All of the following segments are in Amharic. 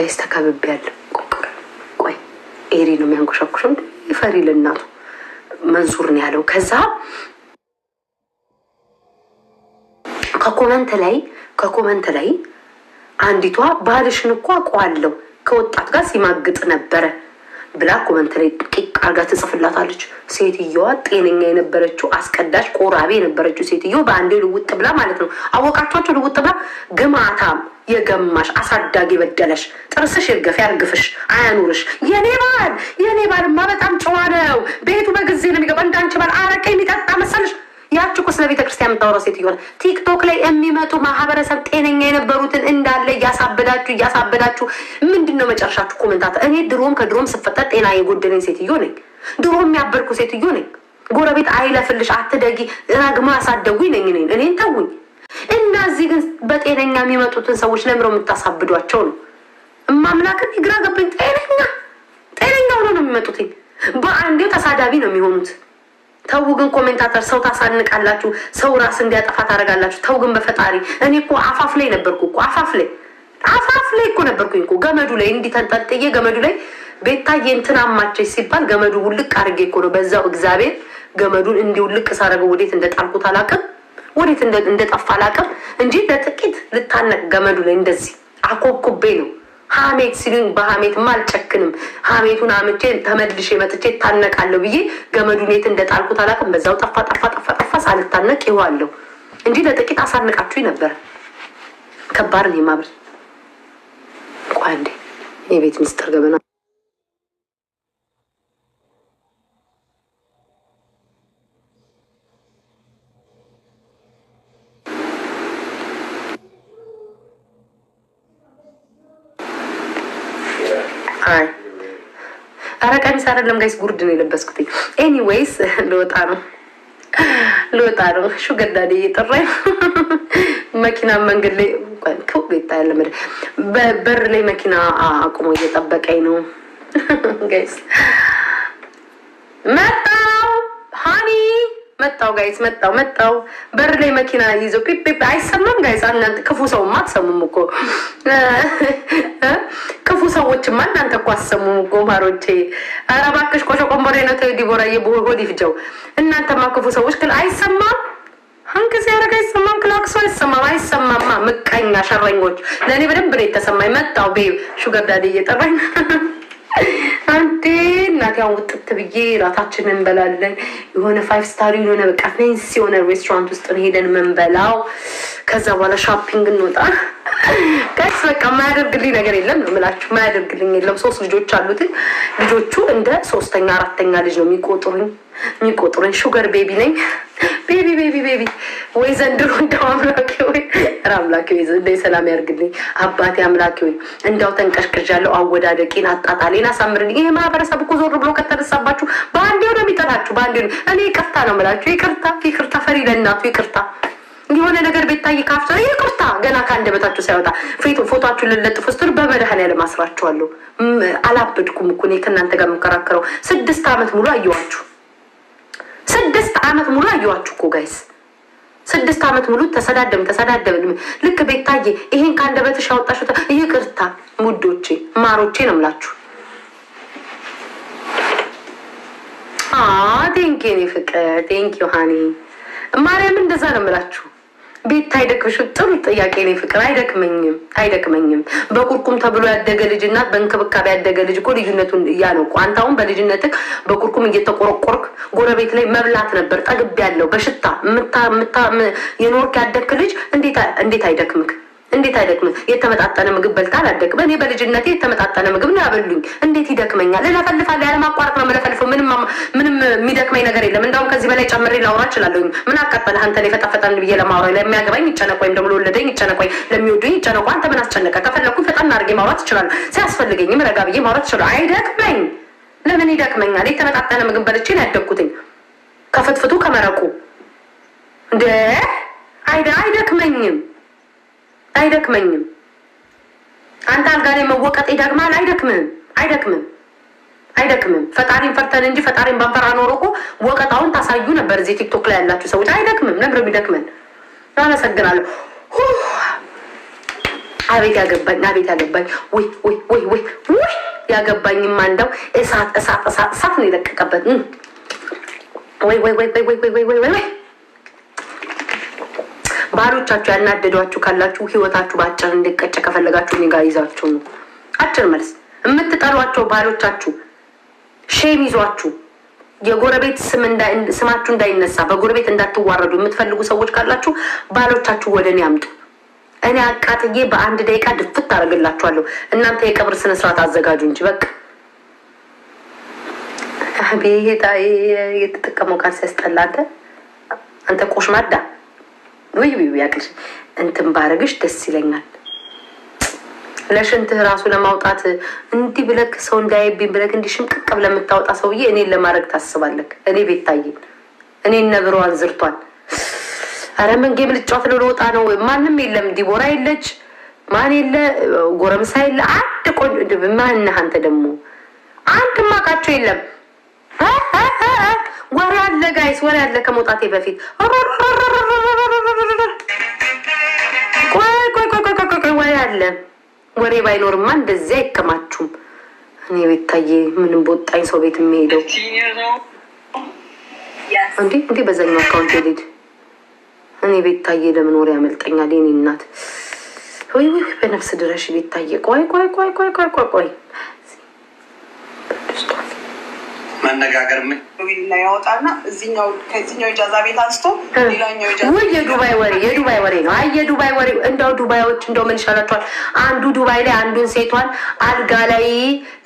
ጋይስ ተከብቤ ያለው ቆይ ኤሪ ነው የሚያንኮሻኩሸው ይፈሪ ልናቱ መንሱር ነው ያለው። ከዛ ከኮመንት ላይ ከኮመንት ላይ አንዲቷ ባልሽን እኮ አውቀዋለሁ ከወጣት ጋር ሲማግጥ ነበረ ብላ ኮመንት ላይ ቂቅ አርጋ ትጽፍላታለች። ሴትየዋ ጤነኛ የነበረችው አስቀዳሽ ቆራቢ የነበረችው ሴትዮ በአንዴ ልውጥ ብላ ማለት ነው። አወቃቸቸው ልውጥ ብላ ግማታም፣ የገማሽ አሳዳጊ በደለሽ ጥርስሽ ይርገፍ ያርግፍሽ፣ አያኑርሽ። የኔ ባል የኔ ባልማ በጣም ጨዋ ነው። ቤቱ በጊዜ ነው የሚገባ። እንዳንቺ ባል አረቄ የሚጠጣ መሰለሽ? ያች እኮ ስለ ቤተ ክርስቲያን የምታወራው ሴት የሆነ ቲክቶክ ላይ የሚመጡ ማህበረሰብ ጤነኛ የነበሩትን እንዳለ እያሳበዳችሁ እያሳበዳችሁ ምንድን ነው መጨረሻችሁ? ኮመንታት እኔ ድሮም ከድሮም ስፈጠር ጤና የጎደለኝ ሴትዮ ነኝ። ድሮ የሚያበርኩ ሴትዮ ነኝ። ጎረቤት አይለፍልሽ አትደጊ ረግማ አሳደጉኝ ነኝ ነኝ እኔን ተውኝ። እነዚህ ግን በጤነኛ የሚመጡትን ሰዎች ለምረው የምታሳብዷቸው ነው። እማምላክን ይግራ ገብኝ። ጤነኛ ጤነኛ ሆኖ ነው የሚመጡት። በአንዴው ተሳዳቢ ነው የሚሆኑት። ተው ግን ኮሜንታተር ሰው ታሳንቃላችሁ፣ ሰው ራስ እንዲያጠፋ ታደርጋላችሁ። ተው ግን በፈጣሪ እኔ እኮ አፋፍ ላይ ነበርኩ እኮ አፋፍ ላይ አፋፍ ላይ እኮ ነበርኩኝ እኮ ገመዱ ላይ እንዲህ ተንጠልጥዬ ገመዱ ላይ ቤታዬ እንትን አማቸኝ ሲባል ገመዱ ውልቅ አድርጌ እኮ ነው በዛው እግዚአብሔር ገመዱን እንዲህ ውልቅ ሳደርገው ወዴት እንደጣልኩት አላውቅም፣ ወዴት እንደጠፋ አላውቅም እንጂ ለጥቂት ልታነቅ ገመዱ ላይ እንደዚህ አኮብኩቤ ነው ሀሜት ሲሉኝ በሀሜትማ አልጨክንም። ሀሜቱን አምቼ ተመልሼ መጥቼ እታነቃለሁ ብዬ ገመዱን የት እንደጣልኩት አላውቅም። በዛው ጠፋ ጠፋ ጠፋ ጠፋ ሳልታነቅ ይዋለሁ እንጂ ለጥቂት አሳንቃችሁኝ ነበር። ከባድ ነው የማብር እንኳ እንዴ የቤት ሚስጥር ገበና አረ ቀሚስ አይደለም ጋይስ፣ ጉርድ ነው የለበስኩት። ኤኒዌይስ ልወጣ ነው ልወጣ ነው። ሹገዳዴ እየጠራኝ መኪና መንገድ ላይ ቤታ ያለምድ በር ላይ መኪና አቁሞ እየጠበቀኝ ነው ጋይስ መጣ መጣው ጋይስ መጣው መጣው በር ላይ መኪና ይዞ ፒ አይሰማም ጋይስ እናንተ ክፉ ሰውማ አትሰሙም እኮ ክፉ ሰዎችማ እናንተ እኮ አትሰሙም እኮ ማሮቼ። ኧረ እባክሽ ቆሾ ቆምቦሬ ነው ተይ ዲቦራዬ፣ ሆድ ይፍጀው። እናንተማ ክፉ ሰዎች ግን አይሰማም አንከዚ ያረግ አይሰማም፣ ክላክሶ አይሰማም፣ አይሰማማ ምቀኛ ሸረኞች። ለእኔ በደንብ ነው የተሰማኝ። መጣው ቤብ ሹገር ዳዲ እየጠራኝ አንዴ እናቴ አሁን ውጥት ብዬ ራታችንን እንበላለን። የሆነ ፋይቭ ስታር የሆነ በቃ ፌንስ የሆነ ሬስቶራንት ውስጥ ሄደን ምንበላው። ከዛ በኋላ ሻፒንግ እንወጣ። ጋይስ በቃ የማያደርግልኝ ነገር የለም ነው የምላችሁ፣ የማያደርግልኝ የለም። ሶስት ልጆች አሉት። ልጆቹ እንደ ሶስተኛ አራተኛ ልጅ ነው የሚቆጥሩኝ የሚቆጥሩኝ ሹገር ቤቢ ነኝ። ቤቢ ቤቢ ቤቢ ወይ ዘንድሮ እንደው አምላኪ ወይ ኧረ አምላኪ ወይ እንደ ሰላም ያርግልኝ አባቴ አምላኪ ወይ እንዳው ተንቀሽቅዣለሁ። አወዳደቂን አጣጣሌን አሳምርልኝ። ይሄ ማህበረሰብ እኮ ዞር ብሎ ከተነሳባችሁ በአንዴ ነው የሚጠላችሁ። በአንዴ ነው እኔ ይቅርታ ነው የምላችሁ። ይቅርታ ይቅርታ፣ ፈሪ ለእናቱ ይቅርታ የሆነ ነገር ቤታዬ ካፍቶ ይቅርታ ገና ከአንደበታችሁ ሳይወጣ ፎቶችሁን ልለጥፍ ስትሉ በመድኃኔዓለም አስራችኋለሁ። አላበድኩም እኮ እኔ ከእናንተ ጋር የምከራከረው ስድስት ዓመት ሙሉ አየዋችሁ። ስድስት አመት ሙሉ አየዋችሁ እኮ ጋይስ ስድስት አመት ሙሉ ተሰዳደብን ተሰዳደብን። ልክ ቤታዬ ይሄን ከአንደበትሽ ያወጣሽው ይቅርታ ሙዶቼ ማሮቼ ነው ምላችሁ። ቴንኪ ኔ ፍቅር ቴንኪ ዮሀኒ ማርያም እንደዛ ነው ምላችሁ። ቤት አይደክምሽም? ጥሩ ጥያቄ ነው ፍቅር። አይደክመኝም፣ አይደክመኝም። በቁርቁም ተብሎ ያደገ ልጅ እና በእንክብካቤ ያደገ ልጅ እኮ ልዩነቱን እያነው እኮ አንተ አሁን በልጅነትህ በቁርቁም እየተቆረቆርክ ጎረቤት ላይ መብላት ነበር። ጠግብ ያለው በሽታ የኖርክ ያደግክ ልጅ እንዴት አይደክምክ? እንዴት አይደክምም? የተመጣጠነ ምግብ በልታ አላደቅም። እኔ በልጅነቴ የተመጣጠነ ምግብ ነው ያበሉኝ። እንዴት ይደክመኛል? እለፈልፋለሁ። ያለማቋረጥ ነው መለፈልፈው። ምንም የሚደክመኝ ነገር የለም። እንዳውም ከዚህ በላይ ጨምሬ ላውራ እችላለሁ። ምን አቃጠለህ አንተን የፈጣፈጠን ብዬ ለማውራ ለሚያገባኝ ይጨነቅ፣ ወይም ደግሞ ለወለደኝ ይጨነቅ፣ ለሚወዱኝ ይጨነቁ። አንተ ምን አስጨነቀ? ከፈለኩኝ ፈጠን አድርጌ ማውራት ይችላል። ሲያስፈልገኝም ረጋ ብዬ ማውራት እችላለሁ። አይደክመኝ። ለምን ይደክመኛል? የተመጣጠነ ምግብ በልቼ ነው ያደግኩትኝ። ከፍትፍቱ ከመረቁ እንደ አይደክመኝም። አይደክመኝም። አንተ አልጋ ላይ መወቀጥ ይደክማል። አይደክምም፣ አይደክምም፣ አይደክምም። ፈጣሪን ፈርተን እንጂ ፈጣሪን ባንፈራ ኖሮ እኮ ወቀጣውን ታሳዩ ነበር። እዚህ ቲክቶክ ላይ ያላችሁ ሰዎች አይደክምም፣ ነብረ ቢደክመን። አመሰግናለሁ። አቤት ያገባኝ፣ አቤት ያገባኝ፣ ወይ ወይ ወይ ወይ ያገባኝማ እንደው እሳት እሳት እሳት እሳት ነው የለቀቀበት ወይ ወይ ወይ ወይ ወይ ወይ ወይ ወይ ወይ ባህሎቻችሁ ያናደዷችሁ ካላችሁ ህይወታችሁ በአጭር እንድቀጭ ከፈለጋችሁ እኔ ጋር ይዛችሁ ነው። አጭር መልስ የምትጠሏቸው ባህሎቻችሁ ሼም ይዟችሁ የጎረቤት ስማችሁ እንዳይነሳ በጎረቤት እንዳትዋረዱ የምትፈልጉ ሰዎች ካላችሁ ባሎቻችሁ ወደ እኔ አምጡ። እኔ አቃጥዬ በአንድ ደቂቃ ድፍት አደርግላችኋለሁ እናንተ የቀብር ስነስርዓት አዘጋጁ እንጂ በቃ ቤታ የተጠቀመው ቃል ሲያስጠላ አንተ አንተ ቆሽማዳ ውይ ውይ ያቅልሽ እንትን ባረግሽ ደስ ይለኛል። ለሽንትህ ራሱ ለማውጣት እንዲህ ብለክ ሰው እንዳያይብኝ ብለክ እንዲህ ሽምቅቅ ብለህ የምታወጣ ሰውዬ እኔን ለማድረግ ታስባለክ። እኔ ታየን እኔን ነብረዋን ዝርቷን ኧረ መንጌ ብልጫት ልወጣ ነው። ማንም የለም፣ ዲቦራ የለች፣ ማን የለ፣ ጎረምሳ የለ። አንድ ቆ ማን አንተ ደግሞ አንድ ማቃቸው የለም። ወሬ አለ ጋይስ፣ ወሬ አለ ከመውጣቴ በፊት ወሬ አለ። ወሬ ባይኖርማ እንደዚህ አይከማችሁም። እኔ ቤታዬ ምንም በወጣኝ ሰው ቤት የሚሄደው እንዴ? እንዴ በዛኛው አካውንት የልድ እኔ ቤታዬ ለምን ወሬ ያመልጠኛል? የኔ እናት ወይ ወይ፣ በነፍስ ድረሽ ቤታዬ። ቆይ ቆይ ቆይ ቆይ ቆይ ቆይ መነጋገር ና ያወጣና እዚኛው ከዚኛው ጃዛ ቤት አንስቶ ሌላኛው የዱባይ ወሬ የዱባይ ወሬ ነው። አይ የዱባይ ወሬ እንደው ዱባዮች እንደው ምን ይሻላቸዋል? አንዱ ዱባይ ላይ አንዱን ሴቷን አልጋ ላይ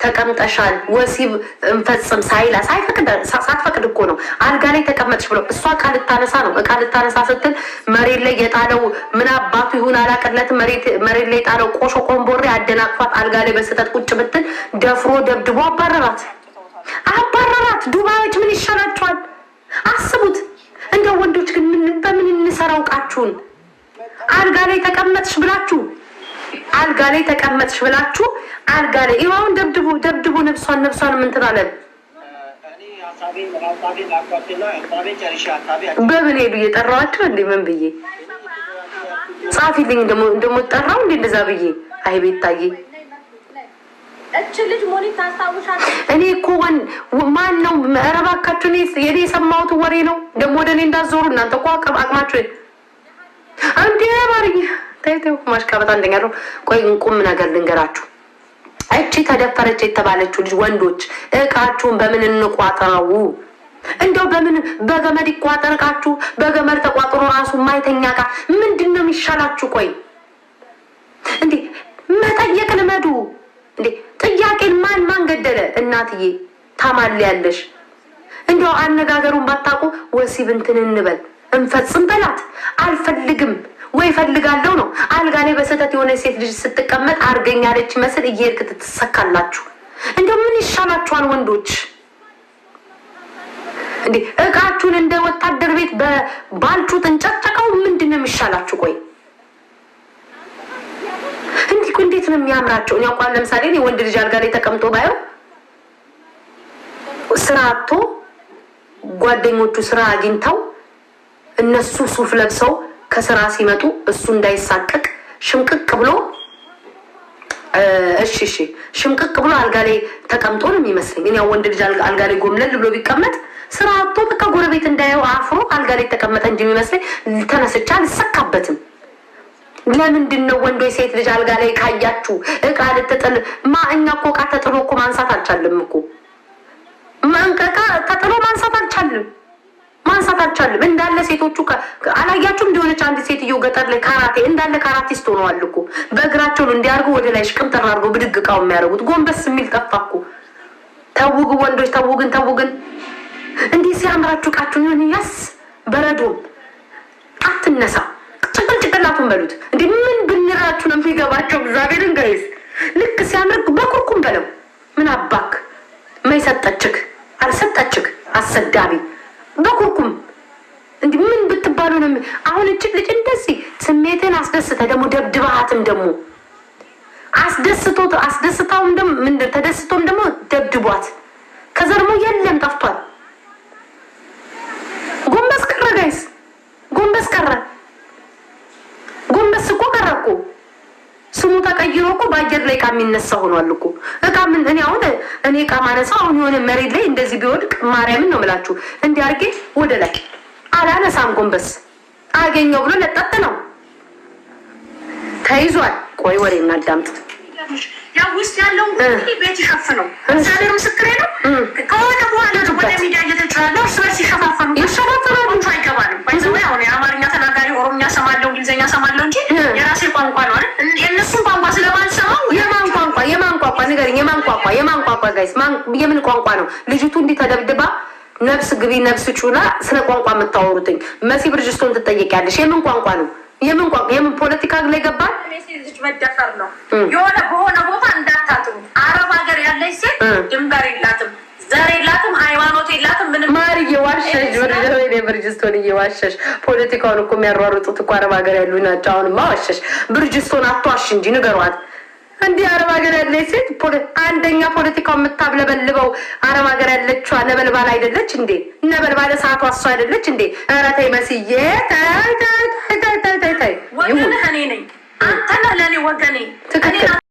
ተቀምጠሻል ወሲብ እንፈጽም ሳይላ ሳትፈቅድ እኮ ነው አልጋ ላይ ተቀመጥሽ ብሎ እሷ እቃ ልታነሳ ነው። እቃ ልታነሳ ስትል መሬት ላይ የጣለው ምን አባቱ ይሁን አላቀለት መሬት ላይ የጣለው ቆሾ ቆንቦሬ አደናቅፏት አልጋ ላይ በስህተት ቁጭ ብትል ደፍሮ ደብድቦ አባረራት። አባረራት። ዱባዮች ምን ይሻላችኋል? አስቡት። እንደ ወንዶች ግን በምን እንሰራው? ቃችሁን አልጋ ላይ ተቀመጥሽ ብላችሁ አልጋ ላይ ተቀመጥሽ ብላችሁ አልጋ ላይ ይኸው ደብድቡ ደብድቡ፣ ነብሷን ነብሷን ምን ትላለን? በምን ሄዱ እየጠራዋቸው እንዴ? ምን ብዬ ጻፊልኝ ደሞ ጠራው እንዴ? እንደዛ ብዬ አይቤት ታዬ እች ልጅ ሞኒ ታስታውሻለች። እኔ እኮ ማን ነው እባካችሁ፣ የኔ የሰማሁት ወሬ ነው። ደግሞ ወደ እኔ እንዳዞሩ እናንተ እኮ አቅማችሁ አንድ ማርኝ ተይተው ማሽቃበጥ አንደኛ ነው። ቆይ እንቁም ነገር ልንገራችሁ። እቺ ተደፈረች የተባለችው ልጅ ወንዶች እቃችሁን በምን እንቋጠረው? እንደው በምን በገመድ ይቋጠር እቃችሁ? በገመድ ተቋጥሮ ራሱ ማይተኛ እቃ ምንድን ነው የሚሻላችሁ? ቆይ እንዴ መጠየቅ ልመዱ እንዴ ጥያቄን ማን ማን ገደለ? እናትዬ ታማል ያለሽ እንዲያው አነጋገሩን ባታውቁ ወሲብ እንትን እንበል እንፈጽም በላት። አልፈልግም ወይ ፈልጋለሁ ነው። አልጋ ላይ በስህተት የሆነ ሴት ልጅ ስትቀመጥ አርገኛለች መስል እየሄድክ ትሰካላችሁ። እንደው ምን ይሻላችኋል ወንዶች? እንዴ እቃችሁን እንደ ወታደር ቤት በባልቹ እንጨጨቀው ምንድን ነው የሚሻላችሁ? ቆይ የሚያምራቸው እኛ እንኳን ለምሳሌ ወንድ ልጅ አልጋ ላይ ተቀምጦ ባየው ስራ አጥቶ ጓደኞቹ ስራ አግኝተው እነሱ ሱፍ ለብሰው ከስራ ሲመጡ እሱ እንዳይሳቀቅ ሽምቅቅ ብሎ እሺ እሺ ሽምቅቅ ብሎ አልጋ ላይ ተቀምጦ ነው የሚመስለኝ። እኔ ወንድ ልጅ አልጋ ላይ ጎምለል ብሎ ቢቀመጥ ስራ አጥቶ በቃ ጎረቤት እንዳየው አፍሮ አልጋ ላይ ተቀመጠ እንጂ የሚመስለኝ ተነስቻ አልሰካበትም። ለምንድን ነው ወንዶች ሴት ልጅ አልጋ ላይ ካያችሁ እቃ ልትጥል ማ እኛ እኮ እቃ ተጥሎ እኮ ማንሳት አልቻልም እኮ እቃ ተጥሎ ማንሳት አልቻልም ማንሳት አልቻልም። እንዳለ ሴቶቹ አላያችሁም? እንደሆነች አንድ ሴትዮ ገጠር ላይ ካራቴ እንዳለ ካራቲስት ሆነዋል እኮ በእግራቸውን እንዲያርጉ ወደ ላይ ሽቅምጥር አድርገው ብድግ እቃው የሚያደርጉት ጎንበስ የሚል ጠፋ እኮ። ወንዶች ተውግን ተውግን። እንዲህ ሲያምራችሁ እቃችሁን ያስ በረዶም አትነሳ ጭንቅላቱን በሉት እንዴ! ምን ብንራችሁ ነው የሚገባቸው? እግዚአብሔርን ገይዝ ልክ ሲያምርክ በኩርኩም በለው። ምን አባክ መይሰጠችክ አልሰጠችክ አሰዳቢ በኩርኩም እንዲህ ምን ብትባሉ ነው? አሁን እችግ ልጅ እንደዚህ ስሜትን አስደስተ ደግሞ ደብድባሃትም ደግሞ አስደስቶ አስደስታውም ደግሞ ተደስቶም ደግሞ ደብድቧት ከዛ ደግሞ የለም ጠፍቷል። የሚነሳ ሆኗል እኮ እቃ ምን እኔ አሁን እኔ እቃ ማነሳ አሁን የሆነ መሬት ላይ እንደዚህ ቢወድቅ ማርያምን ነው ምላችሁ እንዲህ አድርጌ ወደ ላይ አላነሳም። ጎንበስ አገኘው ብሎ ለጠጥ ነው ተይዟል። ቆይ ወሬ እናዳምጥ። ያው ውስጥ ያለው ቤት ይሸፍነው እግዚአብሔር ምስክሬ ነው። ከሆነ በኋላ ነው ወደ ሚዲያ እየተጫለ እርስ በርስ ይሸፋፈኑ ይሸፋፈኑ አይገባንም። ይዘ አሁን የአማርኛ ተናጋሪ ኦሮምኛ ሰማለው እንግሊዝኛ ሰማለ የራሴ ቋንቋ ነው አይደል? የእነሱን ቋንቋ ስለማልሰማው የማን ቋንቋ የማን ቋንቋ ንገረኝ። የማን ቋንቋ የማን ቋንቋ ጋይስ፣ የምን ቋንቋ ነው? ልጅቱ እንዲህ ተደብድባ ነፍስ ግቢ ነፍስ ጩላ ስለ ቋንቋ የምታወሩትኝ መሲ ብርጅስቶን ትጠይቂያለሽ። የምን ቋንቋ ነው? የምን ቋንቋ የምን ፖለቲካ ላይ ገባል? ልጅ መደፈር ነው የሆነ በሆነ ቦታ እንዳታጥሩ። አረብ ሀገር ያለች ሴት ድንበር የላትም። ዘር የላትም፣ ሃይማኖት የላትም። ምንም ማር እየዋሸሽ ወደ ብርጅስቶን እየዋሸሽ ፖለቲካውን እኮ የሚያሯሩጡት እኮ አረብ ሀገር ያሉ ናቸው። አሁንማ ዋሸሽ። ብርጅስቶን አትዋሽ እንጂ ንገሯት። እንዲህ አረብ ሀገር ያለ ሴት አንደኛ ፖለቲካው የምታብለበልበው አረብ ሀገር ያለችዋ ነበልባል አይደለች እንዴ? ነበልባል እሳቷ እሷ አይደለች እንዴ? ኧረ ተይ መስዬ ተይ ተይ ተይ ተይ ተይ። ወገንህ እኔ ነኝ። አንተና ለእኔ ወገኔ